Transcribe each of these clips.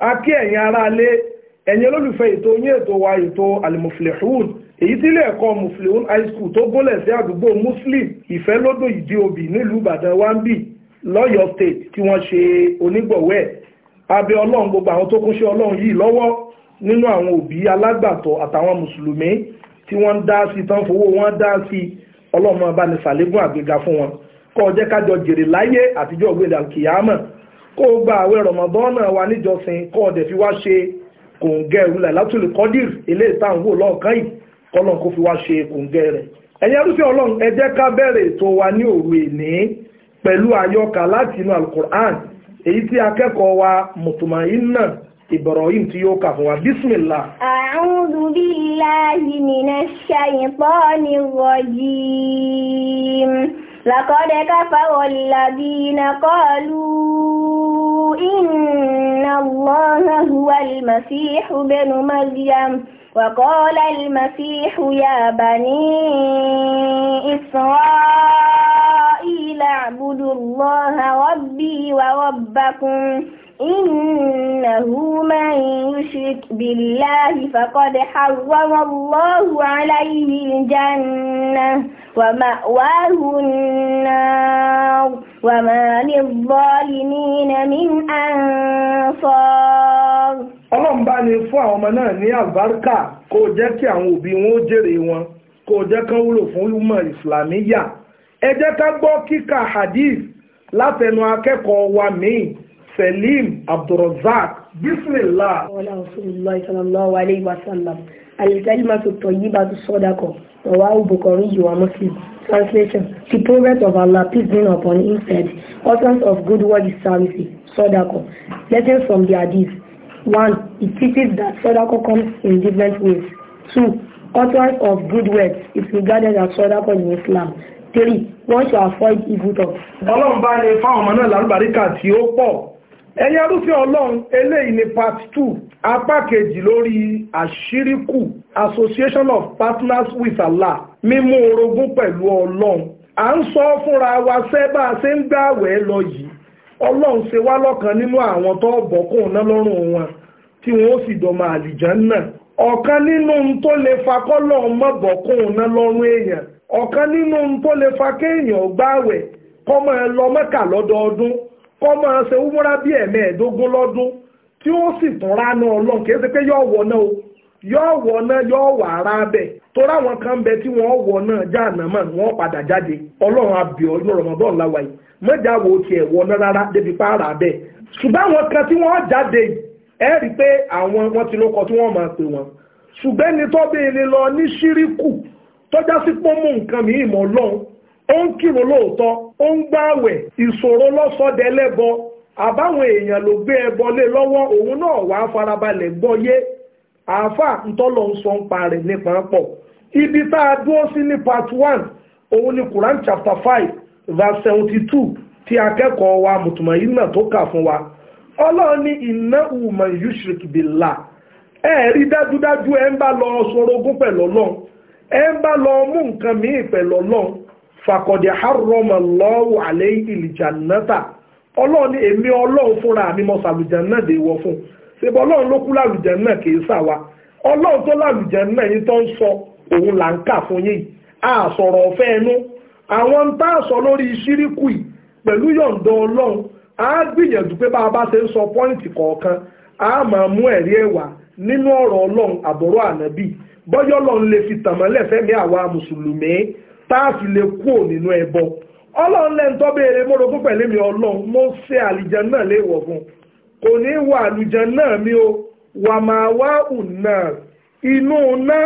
akí ẹ̀yin aráalé ẹ̀yin olólùfẹ́ ètò yín ètò wa ètò alimuflehun èyí tí ilé ẹ̀kọ́ muflehun high school tó gúnlẹ̀ sí àdúgbò muslim ìfẹ́lódò ìdíobì nílùú ìbàdàn wambi lọ́yọ̀ọ́ state tí wọ́n ṣe onígbọ̀wẹ́ abẹ́ ọlọ́run gbogbo àwọn tó kúnṣẹ́ ọlọ́run yìí lọ́wọ́ nínú àwọn òbí alágbàtọ́ àtàwọn mùsùlùmí tí wọ́n ń dá sí tán fowó wọn dá sí ọlọ́run máa bá ní ṣàlékún àgbéga fún wọn kó jẹ́ ká jọ jèrè láyé àtijọ́ ògbéra kìyàmọ̀ kó o gba Ramadan, rọ̀mọ̀dọ́nà wa níjọsìn kó o dẹ̀ fi wá ṣe kòǹgẹ́ ìrúlẹ̀ látòlè kọ́dìr eléyìí tá à ń wò lọ́ọ̀kan yìí kọ́lọ́n kó fi wá ṣe kòǹgẹ́ rẹ̀ ẹ̀yin arúfẹ́ ọlọ́run ẹ jẹ́ ká bẹ̀rẹ̀ ètò wa ní òru èní pẹ̀lú àyọkà láti inú alukur'an èyí tí akẹ́kọ̀ọ́ wa mùtùmáyínà Ibrahim tí yóò kà fún wa bísmìlá. A'udhu billahi لقد كفر الذين قالوا إن الله هو المسيح بن مريم وقال المسيح يا بني إسرائيل اعبدوا الله ربي وربكم إنه من يشرك بالله فقد حرم الله عليه الجنة ومأواه النار وما للظالمين من أنصار ọlọ́run bá ní fún àwọn ọmọ náà ní àlùbáríkà kó o jẹ́ kí àwọn òbí wọn ó jèrè wọn kó jẹ́ kán wúlò fún ìmọ̀ ìsìlámíyà ẹ jẹ́ ká gbọ́ kíkà hadith látẹnu akẹ́kọ̀ọ́ wa míì Selim Abdulrazak bismillah. wàhálà rasulillah sallallahu alayhi wa sallam al-kalimatu tayyibatu sadaqa rawahu Bukhari translation the prophet of Allah peace be upon him said utterance of good word is service sadaqa lessons from the hadith One, it teaches that sadaqah comes in different ways. Two, utterance of good words is regarded as sadaqah in Islam. Three, one should avoid evil talk. Ọlọ́run bá ní fáwọn ọmọ náà lálùbáríkà tí ó pọ̀. Ẹ̀yin arúfẹ́ Ọlọ́run eléyìí ni part two apá kejì lórí àṣíríkù association of partners with Allah mímú orogún pẹ̀lú Ọlọ́run. À ń sọ fúnra wa sẹ́ bá a ṣe ń gbàwẹ̀ lọ yìí. ọlọ́run ṣe wá lọ́kàn nínú àwọn tó bọ̀kún náà lọ́rùn wọn tí wọ́n ó sì dọ̀mọ̀ àlìjàn náà ọ̀kan nínú tó lè fa kọ́lọ̀ mọ́bọ̀kún náà lọ́rùn èèyàn ọ̀kan nínú tó lè fa kéèyàn gbáwẹ̀ kó máa lọ Mẹ́kà lọ́dọọdún kó máa ṣe wúmúrá bí ẹ̀mẹ́ẹ̀dógún lọ́dún tí ó sì tún ránà ọlọ́run kì í ṣe pé yóò wọ̀ náà yóò wọ̀ náà yóò wà ara bẹ̀ torí kan bẹ tí wọn ọwọ náà já ànámà wọn padà jáde ọlọ́run abẹ́ ọdún rọmọdún làwà yìí wo tiẹ̀ wọ náà rárá débi ara ṣùgbọ́n àwọn kan tí wọ́n jáde ẹ rí i pé àwọn wọn ti tí wọ́n máa pè wọ́n ṣùgbọ́n ẹni tó ilé lọ ní ṣíríkù sí pọ́nmù nǹkan ọlọ́run ó ń kírun lóòótọ́ ó àáfà ntọ́lọ̀ ń sọ ń ibi tá a dúró sí ní part one òun ni Quran chapter five verse seventy two tí akẹ́kọ̀ọ́ wa mùtùmọ̀yìnà tó kà fún wa ọlọ́run ní iná ùmọ̀ yushrik bìlà ẹ rí dájúdájú ẹ ń bá lọ sorogún pẹ̀lú ọlọ́run ẹ ń bá lọ mú nǹkan míì pẹ̀lú ọlọ́run fàkọ̀dẹ̀ harrọ́mọ̀ lọ́wọ́ àlẹ́ ọlọ́run ní èmi fún ṣèbọ̀ ọlọ́run ló kú lálùjẹ́ náà kì í sà wa ọlọ́run tó lálùjẹ́ náà yín tó ń sọ òun là a ọ̀fẹ́ ẹnu àwọn ń tá sọ lórí ṣíríkù yìí pẹ̀lú yọ̀ǹda ọlọ́run a gbìyànjú pé bá a bá ṣe ń sọ pọ́ìntì a máa mú ẹ̀rí ẹ̀wà nínú ọ̀rọ̀ ọlọ́run àbọ̀rọ̀ ànábì bọ́yọ́ lè fi tàmọ́lẹ̀ fẹ́mi àwa mùsùlùmí tá a fi lè ẹbọ ọlọ́run lẹ́ńtọ́ pẹ̀lú kò ní wà àlùjàn náà mi o wà máa wá ùnà inú ná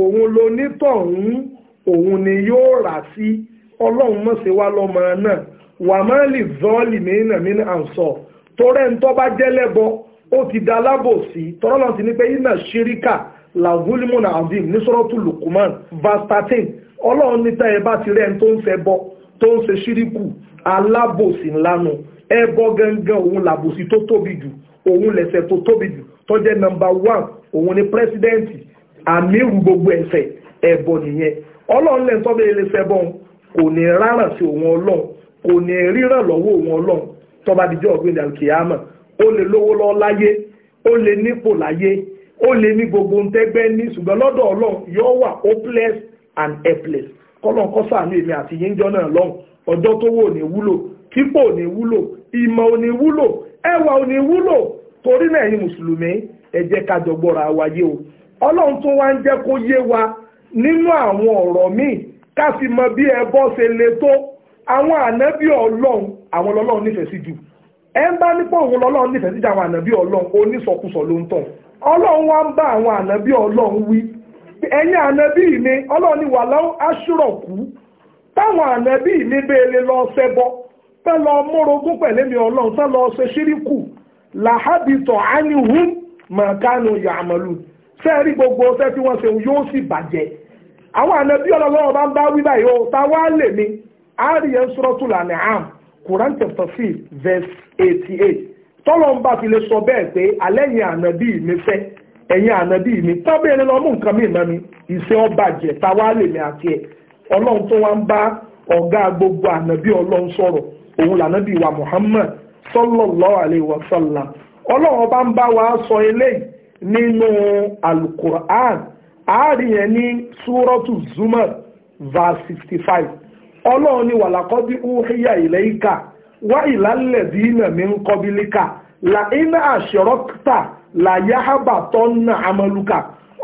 òun ló nítọ̀hún òun ni yóò rà sí ọlọ́run mọ̀ sí wa lọ́mọ náà wà máa lè zọ́ọ̀lì mìíràn mìíràn àǹsọ̀ torẹ́ ń tọ́ bá jẹ́lẹ́bọ ó ti da alábòsí tọ́lọ́lọ́ ti ní pé iná ṣíríkà làgúlímùnà azim ní sọ́rọ́tù lukuman verse thirteen ọlọ́run níta ẹ̀ bá ti rẹ́ ń tó ń fẹ́ bọ tó ń ṣe ṣíríkù alábòsí ńlánu ẹbọ gangan òun làbòsí tó tóbi jù òun lẹ̀ṣẹ̀ tó tóbi jù tó jẹ́ nọ́mbà one òun ni pírẹsidẹ́ǹtì àmírù gbogbo ẹ̀ṣẹ̀ ẹbọ nìyẹn ọlọ́run lẹ́nu tó bẹ́ẹ̀ lè fẹ́ bọ́n kò ní ráràn sí òun ọlọ́run kò ní ríràn lọ́wọ́ òun ọlọ́run tó bá dijọ́ ọ̀gbìn alkiyama ó lè lówó lọ láyé ó lè nípò láyé ó lè ní gbogbo ntẹ́gbẹ́ ní ṣùgbọ́n lọ́dọ̀ ọlọ́run yóò wà hopeless and helpless kọ́lọ́n kọ́ sàánú èmi àti yín jọ náà lọ́hùn ọjọ́ tó wò ní wúlò kípò ní wúlò ìmọ̀ ò ní wúlò ẹwà ò ní wúlò torí náà ẹ̀yin mùsùlùmí o ọlọ́run tún wá ń jẹ́ kó yé wa nínú àwọn ọ̀rọ̀ míì ká fi mọ bí bọ́ ṣe le tó àwọn ànábì ọlọ́run àwọn ọlọ́run nífẹ̀ẹ́ sí jù ẹ ń nífẹ̀ẹ́ sí jù àwọn ànábì ọlọ́run onísọkúsọ ló ń tàn ọlọ́run wá ń bá àwọn ànábì ọlọ́run wí ẹ̀yin tán lọ mórogún mi ọlọ́run tán lọ ṣe ṣíríkù làhábìtọ̀ ánìhùn màkánù yàmọ̀lù sẹ́ẹ̀rí gbogbo ọ̀sẹ̀ tí wọ́n ṣe yóò sì bàjẹ́ àwọn ànábí ọlọ́run bá ń bá wí báyìí o ta wá lè mi Quran chapter six verse eighty eight tọ́lọ́ ń bá fi lè sọ bẹ́ẹ̀ pé mi fẹ́ mi tábìlì nǹkan ta wá mi àti ọlọ́run tó gbogbo ọlọ́run sọ̀rọ̀ òun lànàbí wa Muhammad sallallahu alaihi wa ọlọ́run bá ń bá wa sọ eléyìí nínú alukur'an àárín yẹn súrọ́tù zumar verse sixty five ọlọ́run ni wàlàkọ́bí uhiya ilayka wá ìlàlẹ̀ dínà mi ń kọ́bílíkà là iná àṣọrọ́kítà là yahaba tọ́nà amaluka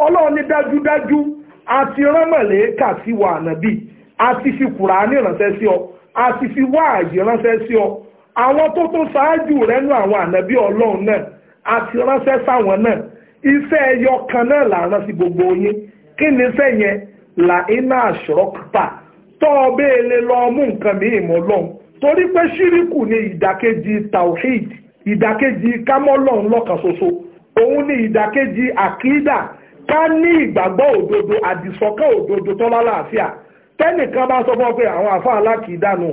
ọlọrun ni dájúdájú àti rán màlẹ́kà sí wa ànábì àti fi kùránì ránṣẹ́ sí ọ a sì fi wá àyè ránṣẹ́ sí ọ àwọn tó tó ṣáájú rẹ nú àwọn ànábì ọlọ́run náà a ti ránṣẹ́ sáwọn náà iṣẹ́ ẹyọ kan náà là rán sí gbogbo yín kí ni iṣẹ́ yẹn là iná àṣọ́kùtà tọ́ ọ bẹ́ẹ̀ lè lọ mú nǹkan mí ìmọ̀ ọlọ́run torí pé ṣíríkù ni ìdàkejì tawhid ìdàkejì kámọ́lọ́run lọ́kan ṣoṣo òun ni ìdàkejì àkídà ká ní ìgbàgbọ́ òdodo àdìsọ́kàn òdodo tọ́lá láàfíà tẹ́nìkan bá sọ fún ọ pé àwọn àfa alákìídánù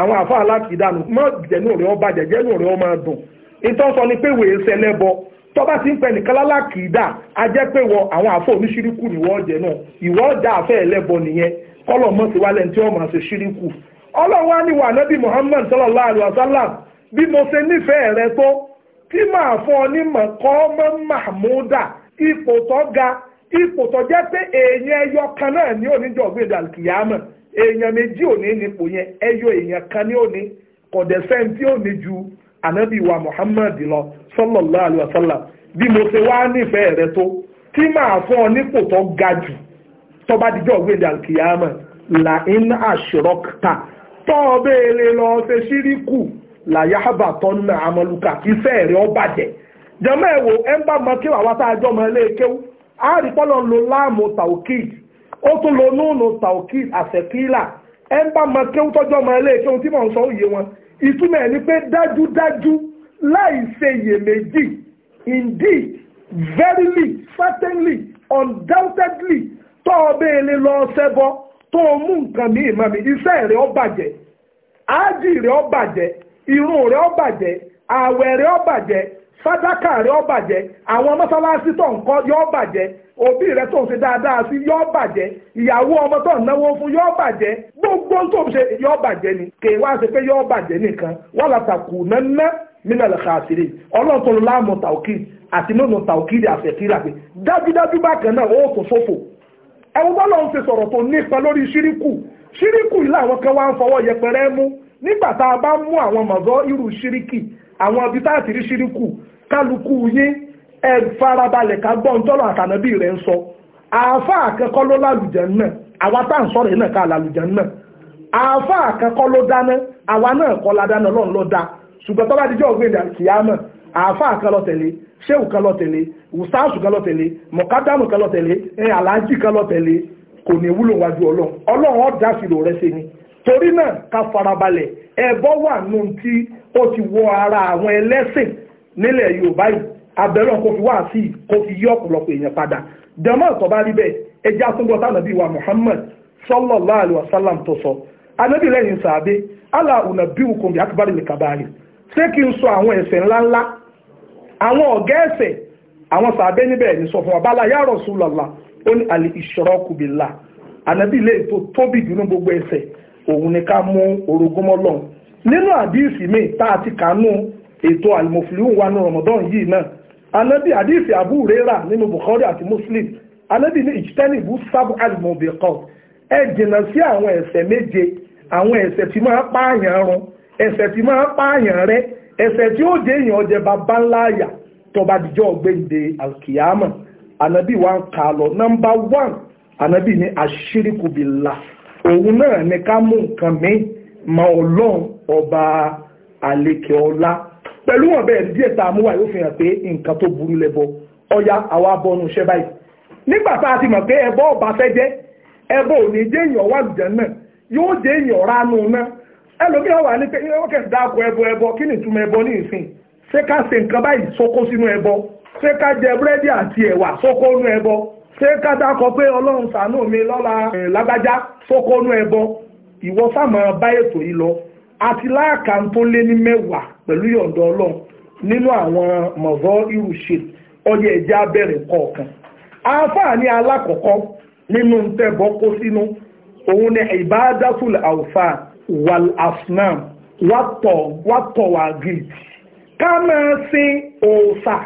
àwọn àfa alákìídánù mọ́ jẹ́nu ọba jẹ́jẹ́nu rẹ̀ ọmọ dùn ìtọ́ sọ ni pé wèé ṣẹlẹ́bọ tọ́ba ti ń pẹ nìkan dà á jẹ́ pé wọ àwọn àfa oníṣíríkù náà ìwọ àfẹ́ ẹlẹ́bọ nìyẹn kọ́lọ̀ mọ́ sí wálẹ̀ tí wọ́n máa ṣe ṣíríkù ọlọ́wọ́ ni wà mo ṣe nífẹ̀ẹ́ rẹ tó tí màá fún ọ ní mọ́ mahmuda ipò tó ga ipò tó jẹ́ pé èèyàn ẹyọ kan náà ní oníjọ̀gbìn dàlùkìyàmọ̀ èèyàn méjì ò nípò yẹn ẹyọ èèyàn kan ní òní tí ò ní wa Muhammad lọ sallallahu alaihi bí mo ṣe wá nífẹ̀ẹ́ rẹ tó tí màá fún ọ nípò tó ga jù tó bá dijọ́ là ń lọ ṣe ọ bàjẹ́ ń bá mọ kí wàá wá àárí pọ́lọ̀ ń lo láàmù taokid ó tún lo núùnù taokid àfẹ́kílà ẹ ń bá ma kéwú tọ́jọ́ ma ilé kéwú tí mò ń sọ òye wọn ìtumọ̀ ẹ̀ ni pé dájúdájú láì ṣe iyèméjì indeed verily certainly undoubtedly tọ́ ọ bẹ́ẹ̀ lé lọ ṣẹbọ tó o mú nǹkan ní ìmọ̀ mi iṣẹ́ rẹ̀ ó bàjẹ́ ájì rẹ̀ ó bàjẹ́ irun rẹ̀ ó bàjẹ́ ààwẹ̀ rẹ̀ ó bàjẹ́ sádàkà rẹ ó bàjẹ́ àwọn mọ́sálásí tó ń kọ́ yó bàjẹ́ òbí rẹ tó ń ṣe dáadáa sí yó bàjẹ́ ìyàwó ọmọ tó ń náwó fún yó bàjẹ́ gbogbo tó ń ṣe yó bàjẹ́ ni kè wá ṣe pé yó bàjẹ́ nìkan wọ́n làtàkù nánà mílíọ̀nù kàṣírí ọlọ́run tó ń láàmú tàùkì àti nínú tàùkì rẹ̀ àfẹ́kírà pé dájúdájú bákan náà ó tún ṣòfò ẹ̀wọ̀n bọ́lọ́run ti sọ̀rọ̀ tó nípa lórí ṣíríkù ṣíríkù yìí làwọn kan wá ń fọwọ́ yẹpẹrẹ mú nígbà tá a bá mú àwọn mọ̀gọ́ irú ṣíríkì àwọn ibi tá a ti rí ṣíríkù kálukú yín ẹ farabalẹ̀ ká gbọ́ ntọ́lọ̀ àtànábì rẹ̀ ń sọ àáfà akẹ́kọ̀ọ́ ló lálùjẹ́ náà àwa tá à ń sọ̀rọ̀ yìí náà ká lálùjẹ́ náà àáfà akẹ́kọ̀ọ́ ló dáná àwa náà kọ́ la dáná ọlọ́run ló dá ṣùgbọ́n tó bá dijọ́ ògbìn kìámà àáfà kan lọ tẹ̀lé ṣéwù kan lọ tẹ̀lé mọ̀kádámù kan lọ tẹ̀lé aláàjì kò ní wúlò wájú ọlọ́run ọlọ́run ó dá ṣe ni torí náà ká farabalẹ̀ ẹbọ wà nù tí ó ti wọ ara àwọn ẹlẹ́sìn nílẹ̀ Yorùbá yìí abẹ́rẹ́ kò fi wá sí i kò fi yí ọ̀pọ̀lọpọ̀ èèyàn padà jẹ́mọ́ ìtọ́ba rí bẹ́ẹ̀ ẹjẹ́ àtúngbọ́ tánàbí wa Muhammad sallallahu alaihi wasallam tó sọ anábì lẹ́yìn sàábé aláhùnà bí òkun bí akíbárì lè kàbárì ṣé kí n sọ àwọn ẹ̀ṣẹ̀ ńláńlá àwọn ọ̀gá ẹ̀ṣẹ̀ àwọn sàábé níbẹ̀ ní sọ fún wa bala ya Rasulullah ó ní al-ishraku billah anábì lẹ́yìn tó tóbi jù gbogbo ẹ̀ṣẹ̀ òun ni ká mú orogún mọ́ nínú àdíìsì míì tá a ti kánú ètò àlùmọ̀fìlíhùn wa ní Ramadan yìí náà Abu nínú Bukhari àti Muslim anábì ní ìjítẹ́nì ìbú sábù àlùmọ̀bìkọ́ ẹ jìnnà sí àwọn méje àwọn tí máa pààyàn tí máa pààyàn tí ó dé èèyàn jẹ bàbá ńlá àyà tọba alkiyama wa ń kà lọ one òun náà ni ká mú nǹkan mi mọ ọlọ́run ọba àlekè ọlá pẹ̀lú wọn bẹ́ẹ̀ díẹ̀ tá a mú wá yóò fi hàn pé nǹkan tó burú lẹ́bọ ọya àwa bọnu iṣẹ́ báyìí nígbà tá a ti mọ̀ pé ẹbọ ọba fẹ́ jẹ́ ẹbọ ò ní jẹ́ èèyàn wà lùjẹ́ náà yóò jẹ́ èèyàn ránú náà ẹlòmíràn wà ní pé ọkẹ́ dáko ẹbọ ẹbọ kí ni ìtumọ̀ ẹbọ ní ìsìn ṣé ká ṣe nǹkan báyìí sókó sínú ẹbọ ṣé ká jẹ búrẹ́dì àti ẹ̀wà sókó nú ẹbọ ṣé kádàkọ pé ọlọ́run ṣàánú mi lọ́la lágbájá fọ́kọ́nú ẹbọ ìwọ sáàmà bá ètò yìí lọ àti láàkà tó lé ní mẹ́wàá pẹ̀lú yọ̀ǹda ọlọ́run nínú àwọn mọ̀vọ́ irúṣe ọyẹ ẹ̀já bẹ̀rẹ̀ kọ̀ọ̀kan àǹfààní alákọ̀ọ́kọ́ nínú tẹ́bọ̀ kó sínú òun ni ìbádàtúlẹ̀ àwùfà wal asnam wàtọ̀ wà gíìtì ká máa sin òòṣà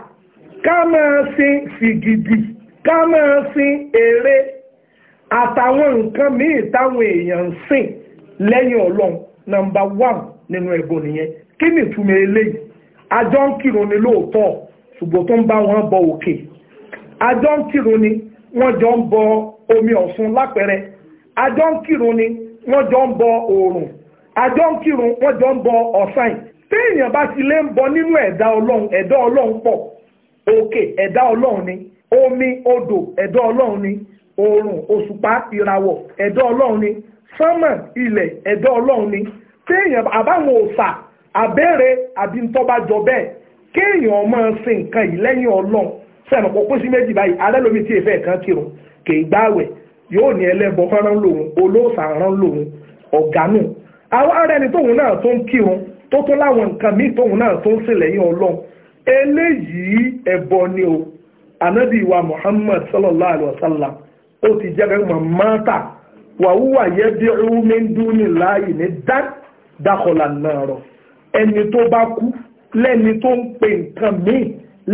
ká máa sin fìgìdì ká máa sin ère àtàwọn nǹkan míì táwọn èèyàn ń sìn lẹ́yìn ọlọ́run nọmba one nínú ẹbọ nìyẹn kí ni ìtumọ̀ eléyìí àjọ ń kírun ni lóòótọ́ ṣùgbọ́n tó ń bá wọn bọ òkè àjọ ń kírun ni wọ́n jọ ń bọ omi ọ̀ṣun lápẹ̀rẹ̀ àjọ ń kírun ni wọ́n jọ ń bọ oòrùn àjọ ń kírun wọ́n jọ ń bọ ọ̀sán téèyàn bá ti lè ń bọ nínú ẹ̀dá ọlọ́run ẹ̀dá ọlọ́run pọ̀ òkè ẹ̀dá ọlọ́run ni omi odò ẹ̀dọ́ ọlọ́run ni oòrùn òṣùpá ìràwọ̀ ẹ̀dọ́ ọlọ́run ni sánmà ilẹ̀ ẹ̀dọ́ ọlọ́run ni téèyàn àbáwọn òòṣà àbẹ́rẹ́ àbí ntọ́ba jọ bẹ́ẹ̀ kéèyàn máa ṣe nǹkan yìí lẹ́yìn ọlọ́run sẹ́nu kò pín sí méjì báyìí alẹ́ lómi tí èfẹ́ kan kírun kì í gbáwẹ̀ yóò ní ẹlẹ́bọ fẹ́ràn lòun olóòṣà rán lòun ọ̀gánù àwọn ará ẹni tóun náà tó ń kírun tó tó láwọn nǹkan míì tóun náà tó ń sìn lẹ́yìn ọlọ́run eléyìí ẹ̀bọ ni o anabi wa muhammad sallallahu alaihi wasallam ó ti jẹ́ kẹ́kọ̀ọ́ mọ́ta wàhúwà yẹ bí ọmọdún dúnì láàyè ní dákọ̀lá náà rọ ẹni tó bá kú lẹ́ni tó ń pe nǹkan míì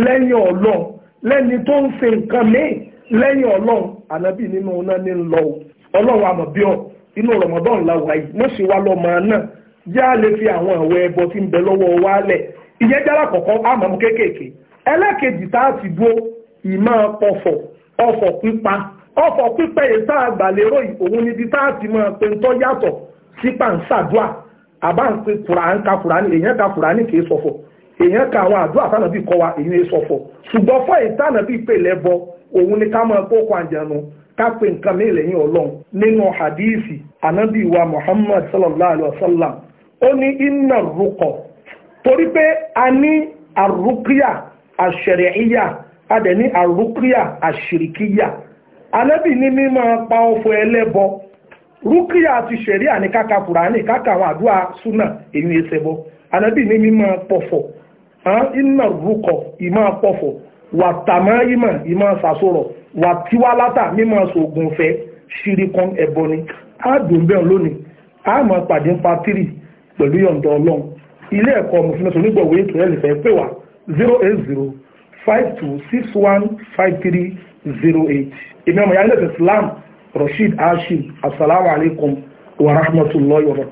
lẹ́yìn ọlọ́run lẹ́ni tó ń ṣe nǹkan míì lẹ́yìn ọlọ́run anabi nínú náà ní lọ ọlọ́run àmọ̀bíọ̀ inú rọmọdún làwà yìí mo sì wá lọ́mọ náà yá lè fi àwọn ẹ̀wẹ̀ ẹbọ tí ń bẹ lọ́wọ́ wa ìyẹn jára kọ̀ọ̀kan àmọ́ kéékèèké ẹlẹ́kejì tá a ti dúró ìmọ̀ ọ̀fọ̀ ọ̀fọ̀ pípa ọ̀fọ̀ pípẹ́ yìí tá a gbà lérò yìí òun níbi tá a ti mọ̀ pé ń tọ́ yàtọ̀ sí pàǹsàdúà àbá ń pe kùràn ka kùràn èèyàn ka kùràn kì í sọ̀fọ̀ èèyàn ka àwọn àdúrà tánà bí kọ́ wa èèyàn è sọ̀fọ̀ ṣùgbọ́n fọ́ ìtànà bí pè lẹ́bọ òun ni ká mọ̀ kókó àjẹnu ká pe nǹkan mi lẹ́yìn ọlọ́run nínú hadithi anabi wa muhammad sallallahu alayhi wa sallam ó ní inna rúkọ torí pé a ní àrùkíyà àṣẹ̀rẹ̀íyà adẹ̀ ní àrúkíà àṣìríkíyà alẹ́bì ní mímọ́ pa ọ̀fọ̀ ẹlẹ́bọ rúkíà ti ṣẹ̀rí àní káka kùránì káka àwọn àdúrà súnà èyí ẹsẹ̀bọ alẹ́bì ní mímọ́ pọ̀fọ̀ iná rúkọ̀ ìmọ̀ pọ̀fọ̀ wà tàmọ́ ìmọ̀ ìmọ̀ sàsọ̀rọ̀ wà tiwálátà mímọ̀ sògùn fẹ́ ṣìríkan ẹ̀bọ ni A dùn bẹ́ẹ̀ lónìí á mọ̀ pàdé pa tírì pẹ̀lú yọ̀ǹda ọlọ́run ilé ẹ̀kọ́ mùsùlùmí onígbọ̀wé ètò ẹ̀ lè fẹ́ pè wá zero eight zero five two six one five three zero eight èmi ọmọ ìyá ilé ìsìn Islam Rasheed Hashim asalaamualeykum wa rahmatulahi wa barakatuh.